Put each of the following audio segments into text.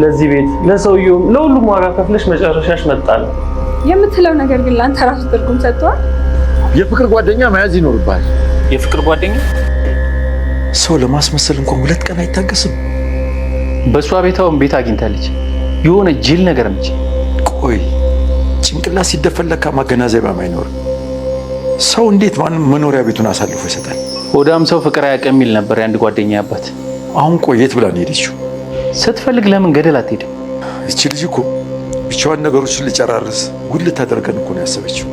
ለዚህ ቤት ለሰውየውም ለሁሉም ዋጋ ከፍለሽ መጨረሻሽ መጣል። የምትለው ነገር ግን ለአንተ ራሱ ትርጉም ሰጥቷል። የፍቅር ጓደኛ መያዝ ይኖርባል። የፍቅር ጓደኛ ሰው ለማስመሰል እንኳን ሁለት ቀን አይታገስም። በእሷ ቤታውን ቤት አግኝታለች። የሆነ ጅል ነገር ነች። ቆይ ጭንቅላት ሲደፈለካ ለካ ማገናዘቢያም አይኖርም። ሰው እንዴት ማንም መኖሪያ ቤቱን አሳልፎ ይሰጣል? ሆዳም ሰው ፍቅር አያውቅም የሚል ነበር የአንድ ጓደኛ አባት። አሁን ቆየት ብላ ነው የሄደችው ስትፈልግ ለምን ገደል አትሄድም? እቺ ልጅ እኮ ብቻዋን ነገሮችን ልጨራርስ ጉድ ልታደርገን እኮ ነው ያሰበችው።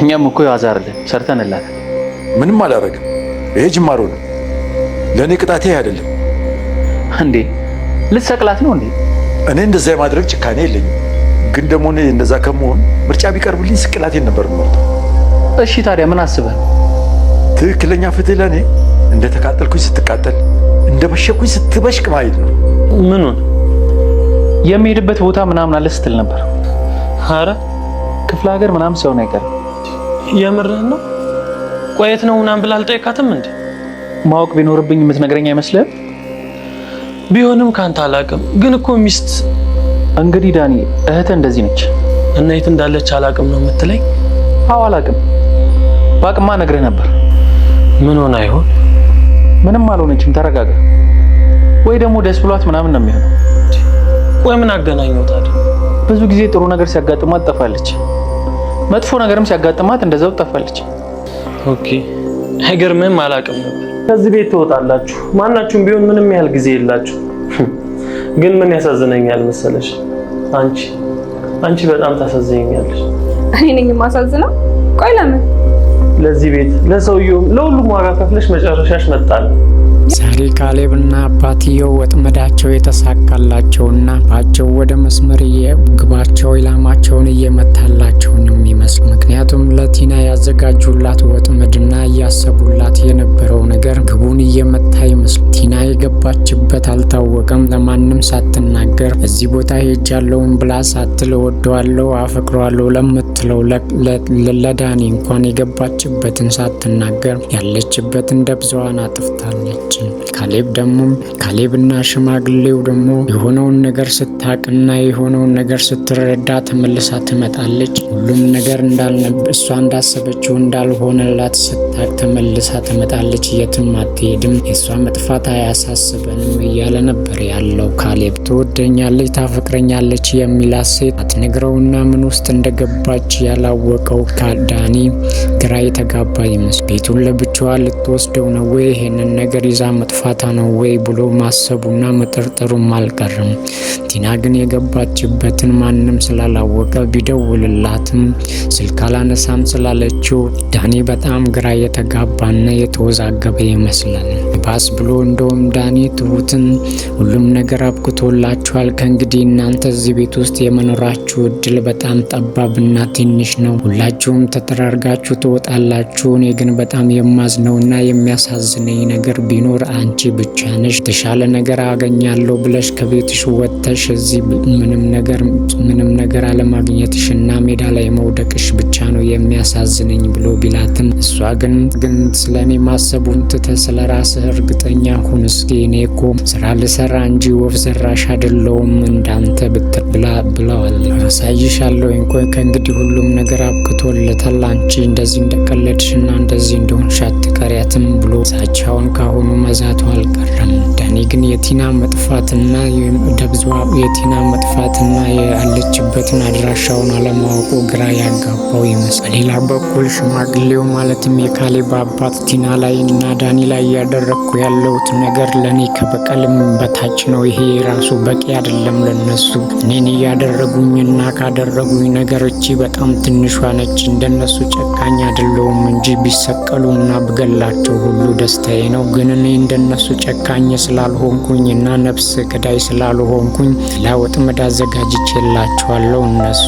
እኛም እኮ የዋዛ አይደለም ሰርተንላት፣ ምንም አላደረግም። ይሄ ጅማሮ ነው። ለእኔ ቅጣቴ አይደለም እንዴ። ልትሰቅላት ነው እንዴ? እኔ እንደዛ የማድረግ ጭካኔ የለኝም፣ ግን ደግሞ እኔ እንደዛ ከመሆን ምርጫ ቢቀርብልኝ ስቅላቴን ነበር ምርጥ። እሺ ታዲያ ምን አስበህ ትክክለኛ ፍትህ ለእኔ እንደ ተቃጠልኩኝ ስትቃጠል እንደ በሸኩኝ ስትበሽቅ ማየት ነው። ምኑን የሚሄድበት ቦታ ምናምን አለ ስትል ነበር። አረ ክፍለ ሀገር ምናምን ሳይሆን አይቀርም። የምርህን ነው? ቆየት ነው ምናምን ብላ አልጠየቃትም እንዴ? ማወቅ ቢኖርብኝ የምትነግረኝ አይመስልህም? ቢሆንም ካንተ አላቅም። ግን እኮ ሚስት እንግዲህ ዳኒ፣ እህት እንደዚህ ነች እና የት እንዳለች አላቅም ነው የምትለኝ? አዎ አላቅም። በአቅማ ነግሬ ነበር። ምን ሆነ አይሆን ምንም አልሆነችም፣ ተረጋጋ። ወይ ደግሞ ደስ ብሏት ምናምን ነው የሚሆነው። ወይ ምን አገናኘው ታዲያ? ብዙ ጊዜ ጥሩ ነገር ሲያጋጥማት ጠፋለች መጥፎ ነገርም ሲያጋጥማት እንደዛው ጠፋለች። ኦኬ አይገርምህም? አላውቅም ነበር። ከዚህ ቤት ትወጣላችሁ፣ ማናችሁም ቢሆን ምንም ያህል ጊዜ የላችሁ። ግን ምን ያሳዝነኛል መሰለሽ? አንቺ አንቺ በጣም ታሳዝኛለሽ። እኔ ነኝ የማሳዝነው? ቆይ ለምን ለዚህ ቤት ለሰውየውም ለሁሉም ዋጋ ከፍለሽ መጨረሻሽ መጣል። ዛሬ ካሌብና አባትየው ወጥመዳቸው የተሳካላቸውና ባቸው ወደ መስመር የግባቸው ኢላማቸውን እየመታላቸው ነው የሚመስል። ምክንያቱም ለቲና ያዘጋጁላት ወጥመድና እያሰቡላት የነበረው ነገር ግቡን እየመታ ይመስል። ቲና የገባችበት አልታወቀም። ለማንም ሳትናገር እዚህ ቦታ ሄጃለውን ብላ ሳትል ወደዋለው አፈቅሯለሁ ለምት መስለው ለዳኒ እንኳን የገባችበትን ሳትናገር ያለችበትን ደብዛዋን አጥፍታለች። ካሌብ ደግሞ ካሌብና ሽማግሌው ደግሞ የሆነውን ነገር ስታቅና የሆነውን ነገር ስትረዳ ተመልሳ ትመጣለች። ሁሉም ነገር እሷ እንዳሰበችው እንዳልሆነላት ስታቅ ተመልሳ ትመጣለች። የትም አትሄድም፣ የእሷ መጥፋት አያሳስበንም እያለ ነበር ያለው ካሌብ። ትወደኛለች፣ ታፈቅረኛለች የሚላት ሴት አትነግረውና ምን ውስጥ እንደገባች ያላወቀው ዳኒ ግራ የተጋባ ይመስል ቤቱን ለብቻዋ ልትወስደው ነው ወይ ይሄንን ነገር ይዛ መጥፋታ ነው ወይ ብሎ ማሰቡና መጠርጠሩም አልቀርም። ቲና ግን የገባችበትን ማንም ስላላወቀ ቢደውልላትም ስልክ አላነሳም ስላለችው ዳኒ በጣም ግራ የተጋባና የተወዛገበ ይመስላል። ባስ ብሎ እንደውም ዳኒ ትሁትን ሁሉም ነገር አብቅቶላችኋል፣ ከእንግዲህ እናንተ እዚህ ቤት ውስጥ የመኖራችሁ እድል በጣም ጠባብናት ትንሽ ነው። ሁላችሁም ተጠራርጋችሁ ትወጣላችሁ። እኔ ግን በጣም የማዝነውና የሚያሳዝነኝ ነገር ቢኖር አንቺ ብቻ ነሽ። የተሻለ ነገር አገኛለሁ ብለሽ ከቤትሽ ወጥተሽ እዚህ ምንም ነገር ምንም ነገር አለማግኘትሽ እና ሜዳ ላይ መውደቅሽ ብቻ ነው የሚያሳዝነኝ ብሎ ቢላትም እሷ ግን ግን ስለ እኔ ማሰቡን ትተ ስለ ራስህ እርግጠኛ ሁን እስኪ እኔ እኮ ስራ ልሰራ እንጂ ወፍ ዘራሽ አይደለውም እንዳንተ ብትብላ ብለዋል። አሳይሻለሁ ከእንግዲህ ሁሉ ሁሉም ነገር አብቅቶለታል። አንቺ እንደዚህ እንደቀለድሽና እንደዚህ እንደሆንሽ አትቀሪያትም ብሎ ሳቻውን ካሁኑ መዛቱ አልቀረም። ዳኒ ግን የቲና መጥፋትና ደብዙ የቲና መጥፋትና ያለችበትን አድራሻውን አለማወቁ ግራ ያጋባው ይመስል። በሌላ በኩል ሽማግሌው ማለትም የካሌብ አባት ቲና ላይ እና ዳኒ ላይ እያደረግኩ ያለሁት ነገር ለእኔ ከበቀልም በታች ነው። ይሄ ራሱ በቂ አይደለም ለነሱ እኔን እያደረጉኝና ካደረጉኝ ነገሮች በጣም ትንሿ ነች። እንደነሱ ጨካኝ አይደለሁም እንጂ ቢሰቀሉና ብገላቸው ሁሉ ደስታዬ ነው። ግን እኔ እንደነሱ ጨካኝ ስላልሆንኩኝ እና ነፍስ ገዳይ ስላልሆንኩኝ ለወጥመድ አዘጋጅቼላቸዋለሁ። እነሱ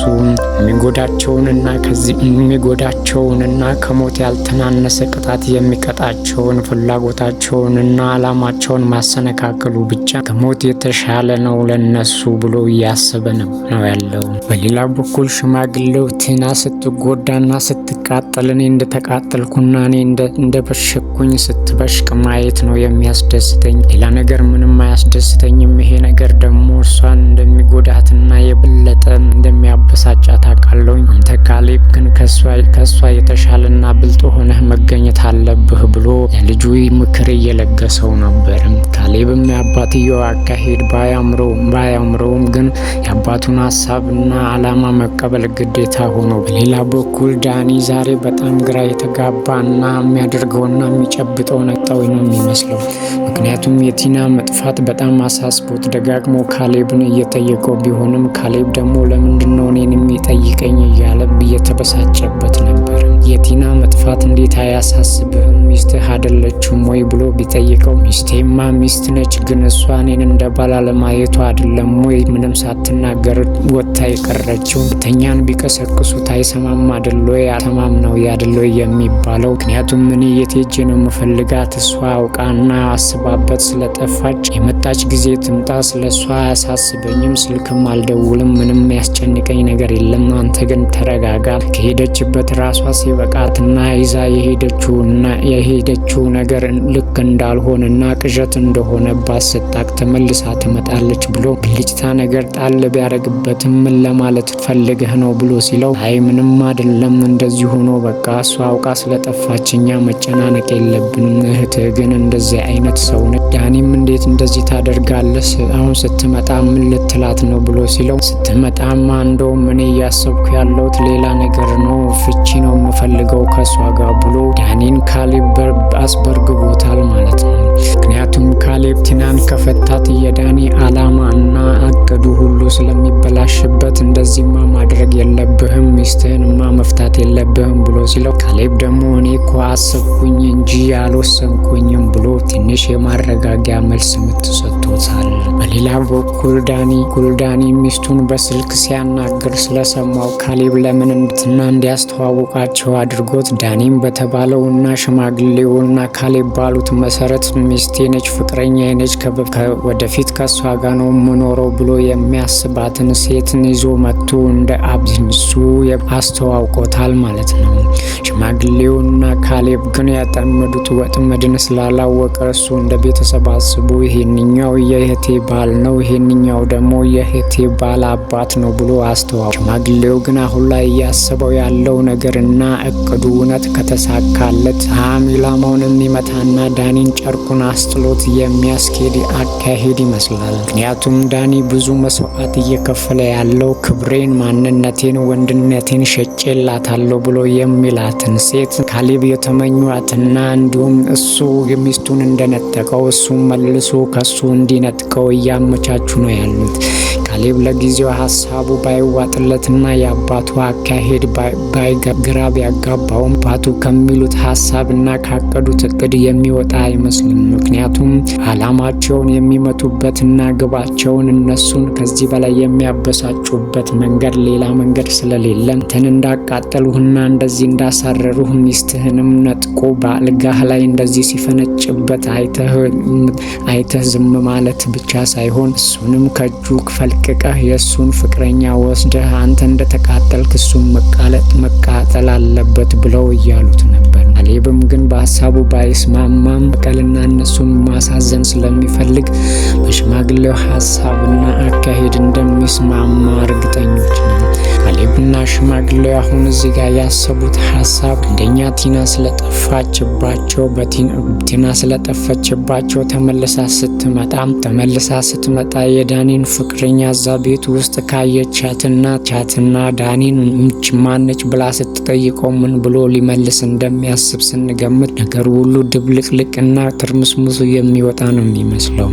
የሚጎዳቸውንና ከዚህ የሚጎዳቸውንና ከሞት ያልተናነሰ ቅጣት የሚቀጣቸውን ፍላጎታቸውንና አላማቸውን ማሰነካከሉ ብቻ ከሞት የተሻለ ነው ለነሱ ብሎ እያሰበ ነው ነው ያለው። በሌላ በኩል ሽማግሌው በንትና ስትጎዳና ስትቃጠል እኔ እንደተቃጠልኩና እኔ እንደበሸኩኝ ስትበሽቅ ማየት ነው የሚያስደስተኝ። ሌላ ነገር ምንም አያስደስተኝም። ይሄ ነገር ደግሞ እርሷን እንደሚጎዳትና የበለጠ እንደሚያበሳጫ ታቃለውኝ። አንተ ካሌብ ግን ከእሷ የተሻለና ብልጥ ሆነህ መገኘት አለብህ ብሎ የልጁ ምክር እየለገሰው ነበር። ካሌብም የአባትየው አካሄድ ባያምረውም ባያምረውም ግን የአባቱን ሀሳብና አላማ መቀበል ግዴታ ሆኖ፣ በሌላ በኩል ዳኒ ዛሬ በጣም ግራ የተጋባና የሚያደርገውና የሚጨብጠው ነጣዊ ነው የሚመስለው። ምክንያቱም የቲና መጥፋት በጣም አሳስቦት ደጋግሞ ካሌብን እየጠየቀው ቢሆንም ካሌብ ደግሞ ደግሞ ለምንድን ነው እኔን የሚጠይቀኝ እያለ እየተበሳጨበት ነበር። የቲና መጥፋት እንዴት አያሳስብህም? ሚስትህ አይደለችም ወይ ብሎ ቢጠይቀው ሚስቴማ ሚስት ነች፣ ግን እሷ እኔን እንደ ባል አለማየቷ አይደለም ወይ ምንም ሳትናገር ወጥታ የቀረችው። ተኛን ቢቀሰቅሱት አይሰማም አደሎ ወይ? አተማም ነው ያደሎ የሚባለው? ምክንያቱም እኔ የት ሄጄ ነው የምፈልጋት? እሷ አውቃና አስባበት ስለጠፋች የመጣች ጊዜ ትምጣ፣ ስለ እሷ አያሳስበኝም፣ ስልክም አልደውልም፣ ምንም ያስጨንቀኝ ነገር የለም። አንተ ግን ተረጋጋ። ከሄደችበት ራሷ ሲበቃትና ይዛ የሄደችው ነገር ልክ እንዳልሆነና ቅዠት እንደሆነባት ስታቅ ተመልሳ ትመጣለች ብሎ ብልጭታ ነገር ጣል ቢያደርግበትም ምን ለማለት ፈልገህ ነው ብሎ ሲለው አይ ምንም አይደለም እንደዚህ ሆኖ በቃ እሱ አውቃ ስለጠፋችኛ መጨናነቅ የለብንም። እህትህ ግን እንደዚህ አይነት ሰው ነች። ዳኒም እንዴት እንደዚህ ታደርጋለህ? አሁን ስትመጣ ምን ልትላት ነው ብሎ ሲለው ስትመጣማ እንደውም እኔ እያሰብኩ ያለሁት ሌላ ነገር ነው ፍቺ ነው የምፈልገው ከእሷ ጋር ብሎ ዳኒን ካሌብ አስበርግቦታል ማለት ነው። ምክንያቱም ካሌብ ቲናን ከፈታት የዳኒ አላማ እና አቅዱ ሁሉ ስለሚበላሽበት እንደዚህማ ማድረግ የለብህም ሚስትህንማ መፍታት የለብህም ብሎ ሲለው ካሌብ ደግሞ እኔ እኮ አሰብኩኝ እንጂ አልወሰንኩኝም ብሎ ትንሽ የማረጋጊያ መልስ የምትሰጥቶታል። በሌላ በኩል ዳኒ ኩልዳኒ ሚስቱን በስልክ ሲያናግር ስለሰማው ካሌብ ለምን እንድትና እንዲያስተዋውቃ እንዲሆናቸው አድርጎት ዳኒም በተባለውና ሽማግሌውና ካሌብ ባሉት መሰረት ሚስቴ ነች፣ ፍቅረኛ ነች፣ ወደፊት ከሷ ጋ ነው ምኖረው ብሎ የሚያስባትን ሴትን ይዞ መጥቶ እንደ አብዝንሱ አስተዋውቆታል ማለት ነው። ሽማግሌውና ካሌብ ግን ያጠመዱት ወጥመድን ስላላወቀ እሱ እንደ ቤተሰብ አስቡ ይሄንኛው የእህቴ ባል ነው፣ ይሄንኛው ደግሞ የእህቴ ባል አባት ነው ብሎ አስተዋ ሽማግሌው ግን አሁን ላይ እያሰበው ያለው ነገር እና እና እቅዱ እውነት ከተሳካለት ሀም ኢላማውን የሚመታና ዳኒን ጨርቁን አስጥሎት የሚያስኬድ አካሄድ ይመስላል። ምክንያቱም ዳኒ ብዙ መስዋዕት እየከፈለ ያለው ክብሬን፣ ማንነቴን፣ ወንድነቴን ሸጬላታለሁ ብሎ የሚላትን ሴት ካሌብ የተመኟትና እንዲሁም እሱ ሚስቱን እንደነጠቀው እሱ መልሶ ከሱ እንዲነጥቀው እያመቻቹ ነው ያሉት። ካሌብ ለጊዜው ሀሳቡ ባይዋጥለትና የአባቱ አካሄድ ግራ ቢያጋባውም አባቱ ከሚሉት ሀሳብና ካቀዱት እቅድ የሚወጣ አይመስልም። ምክንያቱም አላማቸውን የሚመቱበትና ግባቸውን እነሱን ከዚህ በላይ የሚያበሳጩበት መንገድ ሌላ መንገድ ስለሌለ እንትን እንዳቃጠሉህና እንደዚህ እንዳሳረሩህ ሚስትህንም ነጥቆ በአልጋህ ላይ እንደዚህ ሲፈነጭበት አይተህ ዝም ማለት ብቻ ሳይሆን እሱንም ከእጁ ክፈል ለቅቀህ የእሱን ፍቅረኛ ወስደህ አንተ እንደተቃጠልክ እሱን መቃጠል አለበት ብለው እያሉት ነበር። ካሌብም ግን በሀሳቡ ባይስማማም በቀልና እነሱን ማሳዘን ስለሚፈልግ በሽማግሌው ሀሳብና አካሄድ እንደሚስማማ እርግጠኛ ሽማግሌው አሁን እዚህ ጋር ያሰቡት ሀሳብ አንደኛ ቲና ስለጠፋችባቸው ቲና ስለጠፈችባቸው ተመልሳ ስትመጣም ተመልሳ ስትመጣ የዳኒን ፍቅረኛ እዛ ቤት ውስጥ ካየቻትና ቻትና ዳኒን ምች ማነች ብላ ስትጠይቀው ምን ብሎ ሊመልስ እንደሚያስብ ስንገምት ነገሩ ሁሉ ድብልቅልቅና ትርምስሙሱ የሚወጣ ነው የሚመስለው።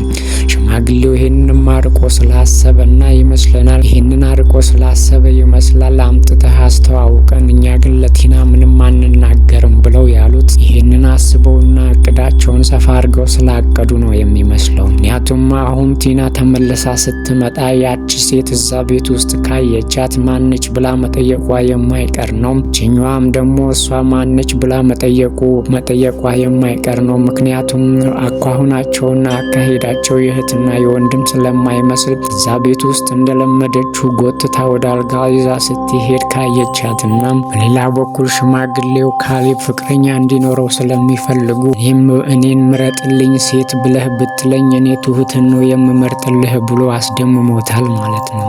ሽማግሌው ይህንን አርቆ ስላሰበና ይመስለናል ይህንን አርቆ ስላሰበ ይመስላል አምጥተህ አስተዋውቀን፣ እኛ ግን ለቲና ምንም አንናገርም ብለው ያሉት ይህንን አስበውና እቅዳቸውን ሰፋ አድርገው ስላቀዱ ነው የሚመስለው። ምክንያቱም አሁን ቲና ተመልሳ ስትመጣ ያቺ ሴት እዛ ቤት ውስጥ ካየቻት ማነች ብላ መጠየቋ የማይቀር ነው። ችኛዋም ደግሞ እሷ ማነች ብላ መጠየቁ መጠየቋ የማይቀር ነው። ምክንያቱም አኳሁናቸውና አካሄዳቸው የእህትና የወንድም ስለማይመስል እዛ ቤት ውስጥ እንደለመደችው ጎትታ ወደ አልጋ ይዛ ስትሄድ ካየቻትና በሌላ በኩል ሽማግሌው ካሌብ ፍቅረኛ እንዲኖረው ስለሚፈልጉ ይህም እኔን ምረጥልኝ ሴት ብለህ ብትለኝ እኔ ትሁትን ነው የምመርጥልህ ብሎ አስደምሞታል ማለት ነው።